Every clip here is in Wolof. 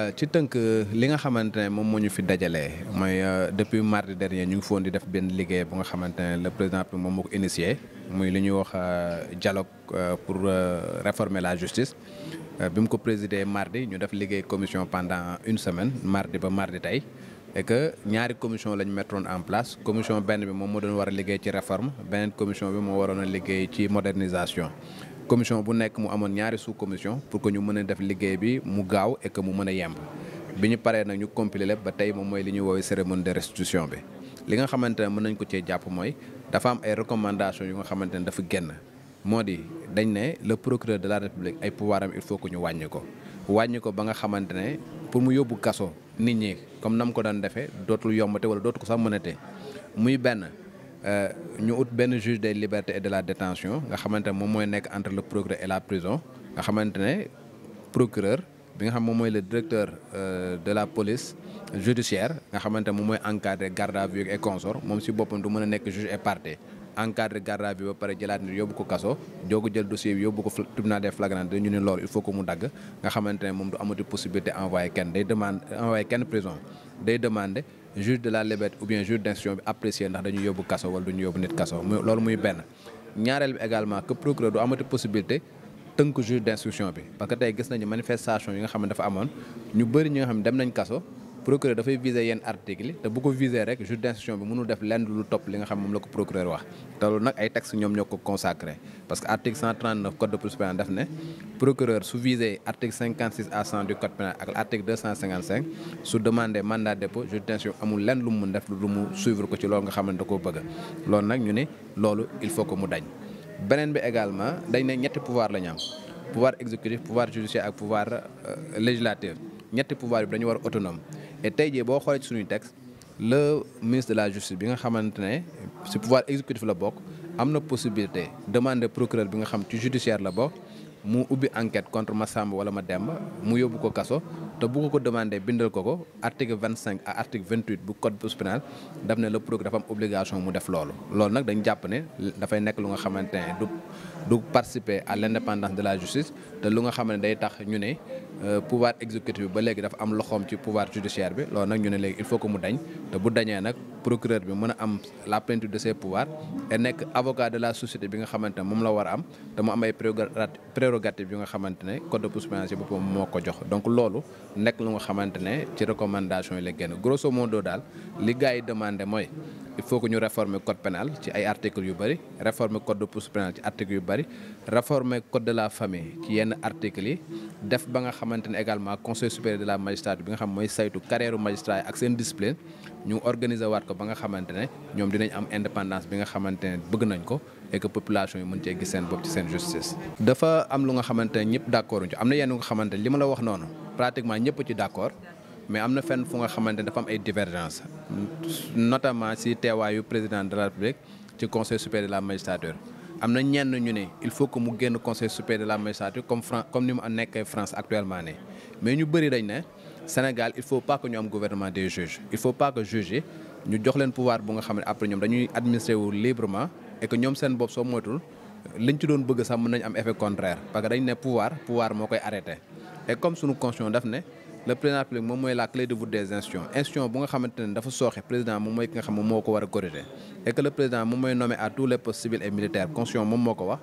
Euh, ci tënk li nga xamante ne moom moo ñu fi dajalee mooy euh, depuis mardi dernier ñu ngi foon di def benn liggéey bu nga xamante ne le président bi moom moo ko initié muy li ñuy wax euh, dialogue pour réformer la justice bi mu ko présider mardi ñu def liggéey commission pendant une semaine mardi ba mardi tey et que ñaari commission lañ mettoon en place commission benn bi moom moo doon war a liggéey ci réforme beneen commission bi moo waroon a liggéey ci modernisation commission bu nekk mu amoon ñaari sous commission pour que ñu mën a def liggéey bi mu gaaw et que mu mën a yemb bi ñu paree nag ñu compiler lépp ba tey moo mooy li ñuy woowee cérémonie de restitution bi. li nga xamante ne mën nañ ko cee jàpp mooy dafa am ay recommandations yu nga xamante ne dafa génn moo di dañ ne le procureur de la république ay pouvoir am il faut que ñu wàññi ko. wàññi ko ba nga xamante ne pour mu yóbbu kaso nit ñi comme nam ko daan defee dootul yombate wala dootu ko sax mënatee muy benn. Euh, ñu ut benn juge des libertés et de la détention nga xamante ne moom mooy nekk entre le procureur et la prison nga xamante ne procureur bi nga xam moom mooy le directeur euh, de la police judiciaire nga xamante ne mooy encadré garde à vue et consort moom si boppam du mën a nekk juge et partie encadré garde à vue ba pare jëlaat nit yóbbu ko kaso joogu jël dossier bi yóbbu ko naa des flagrants dañu ne loolu il faut ko mu dagg nga xamante ne moom du amati possibilité envoyé kenn day demande envoyé kenn prison day demandé juge de la liberté ou bien juge d'instruction bi apprécier ndax dañu yóbbu kaso wala du ñu yóbbu nit kaso muy loolu muy benn ñaareel bi également que procureur du amati possibilité tënk juge d'instruction bi parce que tey gis nañu manifestation yi nga xam ne dafa amoon ñu bëri ñi nga xam ne dem nañ kaso procureur dafay viser yenn article yi te bu ko viser rek juge d'instruction bi mënul def lenn lu top li nga xam moom la ko procureur wax te loolu nag ay textes ñoom ñoo ko consacré parce que article 139 code de procédure pénale daf ne procureur su viser article 56 à 100 du code pénal ak article su demandé mandat de dépôt juge d'instruction amul lenn lu mu mën def lu mu suivre ko ci loolu nga xam ne da koo bëgg loolu nag ñu ne loolu il faut que mu dañ beneen bi également dañ ne ñetti pouvoir la ñu am pouvoir exécutif pouvoir judiciaire ak pouvoir euh, législatif ñetti pouvoir bi dañu war autonome et tey jii boo xoolee ci suñuy texte le ministre de la justice bi nga xamante ne ci pouvoir exécutif la bokk am na possibilité demande procureur bi nga xam ci judiciaire la bokk mu ubbi enquête contre Massamba wala ma Mademba mu yóbbu ko kaso te bu ko ko demandé bindal ko ko article vingt cinq à article vingt huit bu code pénal daf ne le procureur dafa am obligation mu def loolu. loolu nag dañ jàpp ne dafay nekk lu nga xamante ne du du participer à l' de la justice te lu nga xam ne day tax ñu ne. Euh, pouvoir exécutif bi ba léegi dafa am loxoom ci pouvoir judiciaire bi loolu nag ñu ne léegi il faut que mu dañ te bu dañee nag procureur bi mën a am la plénitude de ses pouvoirs et nekk avocat de la société bi nga xamante ne moom la war am te mu am ay prérogatives yu nga xamante ne code de procédure boppam moo ko jox donc loolu nekk lu nga xamante ne ci recommandation yi la génn grosso modo daal li gars yi demandé mooy il faut que ñu réformer code pénal ci ay yu bëri réformer code de procédure pénale ci articles yu bëri réformer code la famille ci yenn articles yi def ba nga xamante ne également conseil supérieur de la magistrature bi nga xam mooy saytu carrière magistrat yi ak seen discipline ñu organiser waat ko ba nga xamante ne ñoom dinañ am indépendance bi nga xamante ne bëgg nañ ko et que yi mën ee gis seen bopp ci seen justice. dafa am lu nga xamante ne ñëpp d' accord am na yenn nga xamante ne li ma la wax noonu pratiquement ñëpp ci mais am na fenn fu nga xamante ne dafa am ay divergence notamment si teewaayu président de la république ci conseil supérieur de la magistrature am na ñenn ñu ne il faut que mu génn conseil supérieur de la magistrature comme France comme ni mu nekkee France actuellement ni mais ñu bëri dañ ne Sénégal il faut pas que ñu am gouvernement des juges il faut pas que juges yi ñu jox leen pouvoir bu nga xam ne après ñoom dañuy administrer wu librement et que ñoom seen bopp soo moytul liñ ci doon bëgg sax nañ am effet contraire que dañ ne pouvoir pouvoir koy arrêté et comme suñu constitution daf ne le président de la République moom mooy la clé de voûte des institutions institution bu nga xamante dafa sooxe président moom mooy ki nga xam moo ko war a corriger et que le président moom mooy nommé à tous les postes civils et militaires constitution moom moo ko wax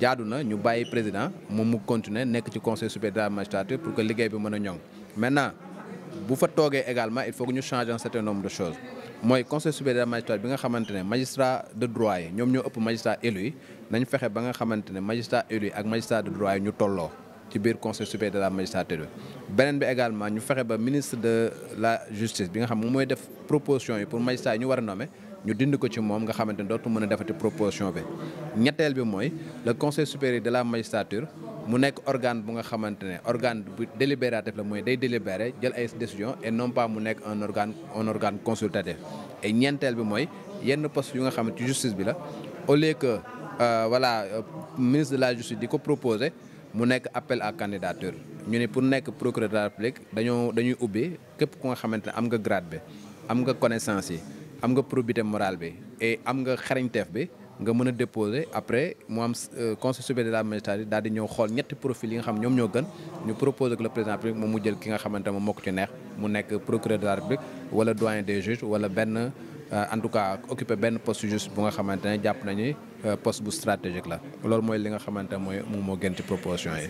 jaadu na ñu bàyyi président moom mu continuer nekk ci conseil supérieur de la magistrature pour que liggéey bi mën a ñoŋ maintenant bu fa toogee également il faut ñu changer un certain nombre de choses mooy conseil supérieur de ne magistrat de droit yi ñoo ëpp magistrat élu yi nañ fexe ba nga xamante ne magistrat élu yi ak magistrat de tolloo ci biir conseil supérieur de la magistrature bi beneen bi également ñu fexe ba ministre de la justice bi nga xam moom mooy def proposition yi pour magistrat yi ñu war a nommer ñu dind ko ci moom nga xamante ne dootu mën a defati proposition bi ñetteel bi mooy le conseil supérieur de la magistrature mu nekk organe bu nga xamante ne organe bu délibératif la mooy day délibéré jël ay décision et non pas mu nekk un organe un organe consultatif et ñeenteel bi mooy yenn poste yu nga xamante ci justice bi la au lieu que euh, voilà euh, de la justice di ko proposer mu nekk appel à candidature ñu ne pour nekk procureur de la République dañoo dañuy ubbi képp ku nga xamante ne am nga grade bi am nga connaissance yi am nga probité morale bi et am nga teef bi nga mën a déposer après mu am euh, conseil supérieur de la magistrature daal di ñëw xool ñetti profil yi nga xam ñoom ñoo gën ñu proposer que le président moom mu jël ki nga xamante ne moom moo ko ci neex mu nekk procureur de la République wala doyen des juges wala benn. Euh, en tout cas occupé benn poste juste bu nga xamante ne jàpp nañu euh, poste bu stratégique la loolu mooy li nga xamante mooy moom moo gën ci yi.